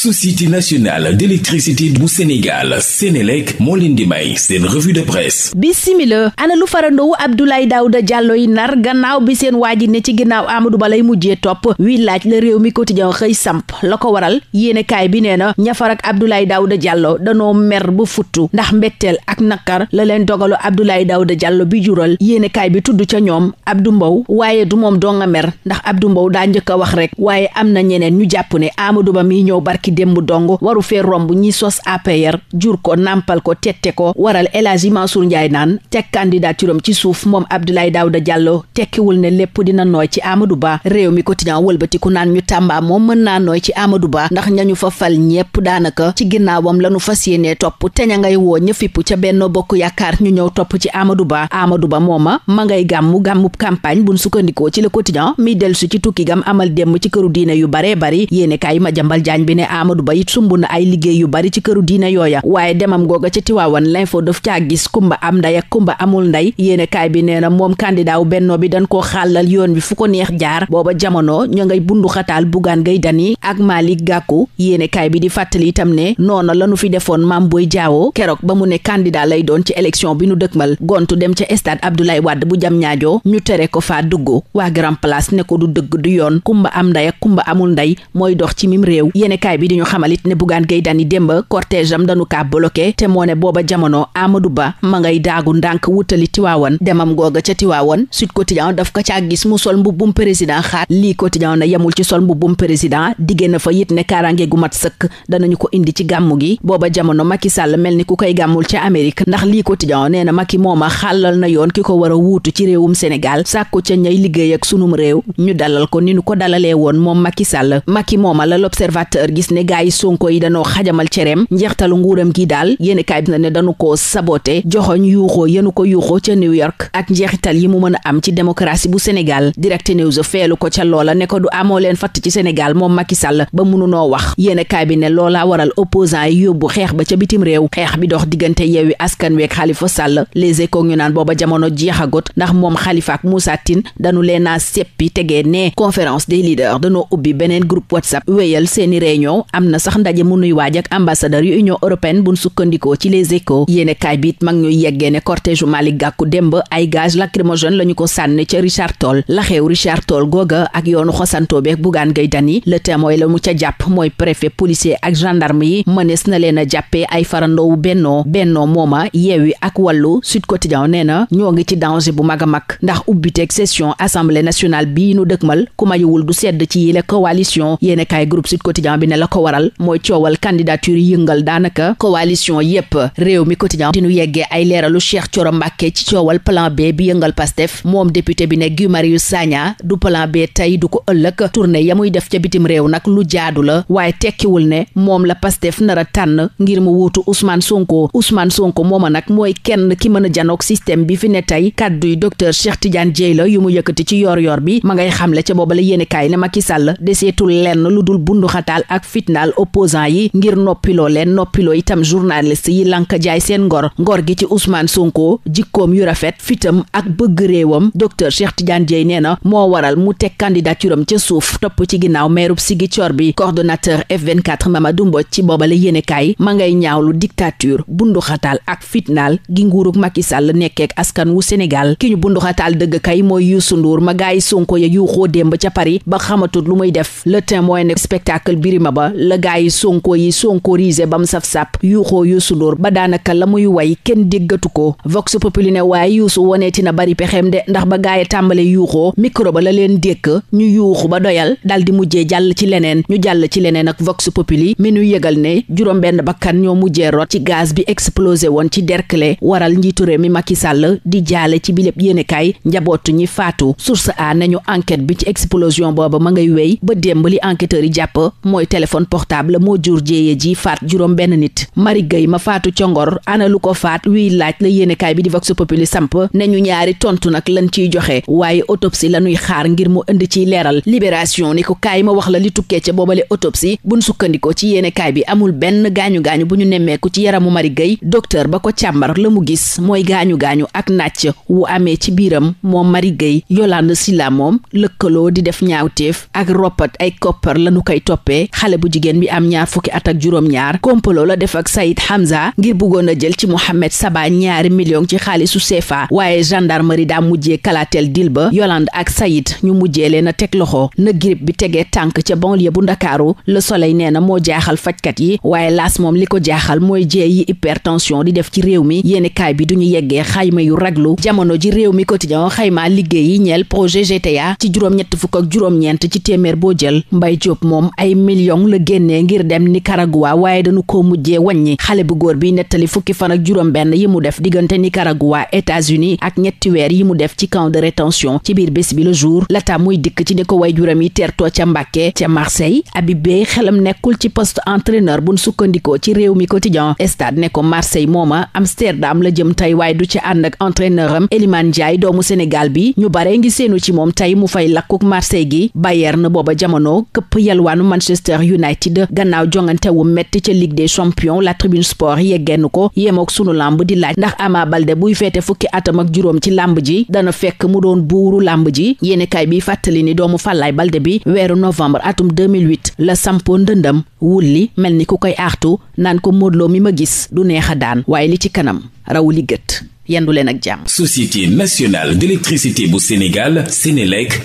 société nationale d'électricité bu Sénégal Sénélec moo leen di may seen revue de presse bisimila ana lu farandowu Abdoulaye Daouda Diallo yi nar gannaaw bi seen waaji ne ci ginnaaw Amadou Ba lay mujjee topp wi laaj la réew mi quotidien xëy samp la ko waral yéenekaay bi nee na ñafar ak Abdoulaye Daouda Diallo danoo mer bu futtu ndax mbetteel ak nakar la leen dogalu Abdoulaye Daouda jàllo bi jural yéenekaay bi tudd ca ñoom Abdou Mbow waaye du moom doo nga mer ndax Abdou Mbow daa njëkk a wax rek waaye am na ñeneen ñu jàpp ne Amadou barki démb dong waru fee romb ñi sos APR jur ko nàmpal ko tette ko waral El Hadji Mansour Ndiaye naan teg candidature am ci suuf moom Abdoulaye Daouda Diallo tekkiwul ne lépp dina nooy ci amadu Ba réew mi quotidien wëlbatiku naan ñu Tamba moom mën naa nooy ci amadu Ba ndax ñañu fa fal ñépp daanaka ci ginnaawam lañu fas yéenee topp te ña ngay woo ña fipp ca benn Bokk Yaakaar ñu ñëw topp ci amadu Ba amadu Ba mooma ma ngay gàmmu gàmmub campagne bu sukkandikoo ci le quotidien mi dellu si ci tukki gam amal démb ci këru diine yu baree bari amadou ba it sumb na ay liggéey yu bari ci këru diine yooya waaye demam googa ca tiwaawan l'info daf caa gis kumba am nday ak kumba amul nday yéene kaay bi nee na moom candidat wu bennoo bi dañ koo xàllal yoon bi fu ko neex jaar booba jamono ña ngay bundu xataal bugaan gay dani ak Malick Gakou yéene kaay bi di fàttali itam ne noona lanu fi defoon maam booy jaawoo keroog ba mu ne candidat lay doon ci élection bi nu dëkmal gontu dem ca stade Abdoulaye Wade bu jam ñaajoo ñu tere ko faa dugg waa ne ko du dëgg du yoon kumba am nday ak kumba amul mooy dox ci mim réew yéene bi di ñu xamalit ne Bougane Gueye Dany démb cortège am dañu kaa bloqué te moo ne booba jamono Amadou Ba ma ngay daagu ndànk wutali Tiwaawan demam googa ca Tiwaawan Sud Quotidien daf ko caa gis mu sol mbubbum président xaar lii Quotidien na ne kaaraange gu mat sëkk danañu ko indi ci gàmmu gi booba jamono Macky Sall mel ni ku koy gàmmul ca Amérique ndax lii Quotidien nee na Macky mooma xàllal na yoon ki ko war a wuutu ci réewum Sénégal sàkku ca ñay liggéey ak sunum réew ñu dalal ko ni ñu ko dalalee woon moom Macky Sall ne yi sonko yi danoo xajamal cereem njeextalu nguuram gi daal yéeni kaay bi na ne dañu ko sabote joxoñ yuuxoo yenu ko yuuxoo ca New York ak njeexital yi mu mën a am ci démocratie bu Sénégal Direct News feelu ko ca loola ne ko du amoo leen fatt ci Sénégal moom Macky Sall ba mënunoo wax yéeni kaay bi ne loola waral opposant yi yóbbu xeex ba ca bitim réew xeex bi dox diggante yeewi askan week Khalifa sàll les échos ñu naan booba jamono jeexagot ndax moom Khalifa ak Moussa dañu leen a seppi tegee ne conférence des leaders dañoo ubbi beneen groupe WhatsApp wéyal seeni réunion am na sax ndaje mu nuy waaj ak ambassadeur yu union européenne buñ sukkandikoo ci les échos yéene kaay bi it mag ñuy yeggee ne cortège Malick Gakou démb ay gaz lacrymogène la ñu ko sànni ca Richard Toll la xew Richard Toll googa ak yoonu xosantoo beeg Bougane Gueye Dany le témoin la mu ca jàpp mooy préfet policier ak gendarme yi mënees na leen a jàppee ay farandoowu bennoo bennoo mooma yi ak wallu Sud Quotidien nee na ñoo ngi ci danger bu mag a mag ndax ubbiteeg session assemblée nationale bii nu dëkkmal ku mayuwul du sedd ci yile coalition yéene kaay groupe Sud bi ne la ko ko waral mooy coowal candidature yëngal daanaka coalition yépp réew mi quotidien dinu yeggee ay leeralu Cheikh Thioro Mbacké ci coowal plan B bi yëngal Pastef moom député bi ne Guy Marius Sagna du plan B tey du ko ëllëg tournée ya muy def ca bitim réew nag lu jaadu la waaye tekkiwul ne moom la Pastef nar a tànn ngir mu wuutu Ousmane Sonko Ousmane Sonko a nag mooy kenn ki mën a janook système bi fi ne tey kàdduy docteur Cheikh Tidiane Dièye la yu mu yëkkati ci yor yor bi ma ngay xamle ca booba fitnaal opposant yi ngir noppiloo leen noppiloo itam journaliste yi lank jaay seen ngor ngor gi ci Ousmane Sonko jikkoom yu rafet fitam ak bëgg réewam docteur Cheikh Tidiane Dieye nee na moo waral mu teg candidature am ca suuf topp ci ginnaaw meerub Ziguinchor bi coordonnateur F24 Mamadou Mbodj ci boobale yéenekaay ma ngay ñaawlu dictature bunduxataal ak fitnaal gi nguurug Macky Sall nekkeek askan wu Sénégal ki ñu bunduxataal dëgg kay mooy Youssou Ndour ma gaay Sonko ya yuuxoo démb ca Paris ba xamatul lu muy def ba la gaa sonko yi sonkorisé ba mu saf-sàpp yuuxoo yuusu nduur ba daanaka la muy way kenn déggatu ko vox populi ne waaye yuusu woneeti na bari pexem de ndax ba gaa yi tàmbale yuuxoo micro ba la leen dékk ñu yuuxu ba doyal dal di mujjee jàll ci leneen ñu jàll ci leneen ak vox populi mi ñu yëgal ne juróom benn bakkan ñoo mujjee rot ci gaz bi explosé woon ci Derklé waral njiitu réew mi Macky Sall di jaale ci biléb yéenekaay njabootu ñi faatu source a bi ci explosion ma ngay téléphone portable moo jur jéeye ji faat juróom benn nit Marie Gueye ma faatu ca Ngor ana lu ko faat wiy laaj la yéenekaay bi di Vox Populi samp ne ñu ñaari tontu nag lan ciy joxe waaye autopsie lañuy xaar ngir mu indi ciy leeral libération ni ko kaay ma wax la li tukkee ca boobale autopsie buñ sukkandikoo ci yéenekaay bi amul benn gaañu-gaañu bu ñu nemmeeku ci yaramu Marie Gueye docteur ba ko càmbar la mu gis mooy gaañu-gaañu ak nàcc wu amee ci biiram moom Marie Gueye Yolande Sila moom lëkkaloo di def ñaawteef ak roppat ay koppar jigéen bi am ñaar fukki at ak juróom-ñaar kompolo la def ak Saïd Hamza ngir bëggoon a jël ci Mohamed Saba ñaari million ci xaalisu CFA waaye gendarmerie daa mujjee kalaateel dil ba Yolande ak Saïd ñu mujjee leen a teg loxo na grip bi tegee tànk ca banlieue bu Ndakaaru la Soleil nee na moo jaaxal fajkat yi waaye laas moom li ko jaaxal mooy jee yi hypertension di def ci réew mi yéeni kaay bi duñu yeggee xayma yu raglu jamono ji réew mi quotidien xayma liggéey yi ñeel projet GTA ci juróom fukk ak juróom ci téeméer boo jël Mbaye génnee ngir dem Nicaragua waaye dañu ko mujjee wàññi xale bu góor bi nettali fukki fan ak juróom benn yi mu def diggante Nicaragua États-Unis ak ñetti weer yi mu def ci camp de rétention ci biir bés bi le jour lata muy dikk ci ne ko way juram yi teertoo ca Mbàkke ca Marseille Habib Beye xelam nekkul ci poste entraîneur buñ sukkandikoo ci réew mi quotidien stade ne ko Marseille mooma Amsterdam la jëm tey waaye du ci ànd ak entraîneur am Eliman doomu Sénégal bi ñu bare ngi seenu ci moom tey mu fay lakkuk Marseille gi Bayern booba jamono da gannaaw jongante wu metti ca Ligue des champions la tribune sport yeggeen ko yemook sunu lamb di laaj ndax Ama Baldé buy feete fukki atam ak juróom ci lamb ji dana fekk mu doon buuru lamb ji yéenekaay bi fàttali ni doomu Fàllaay Baldé bi weeru novembre atum 2008 la sampo ndëndam wulli mel ni ku koy aartu naan ko Modou mi ma gis du neex a daan waaye li ci kanam raw li gët yendu leen ak jàmm. Société nationale d'électricité bu Sénégal Sénélec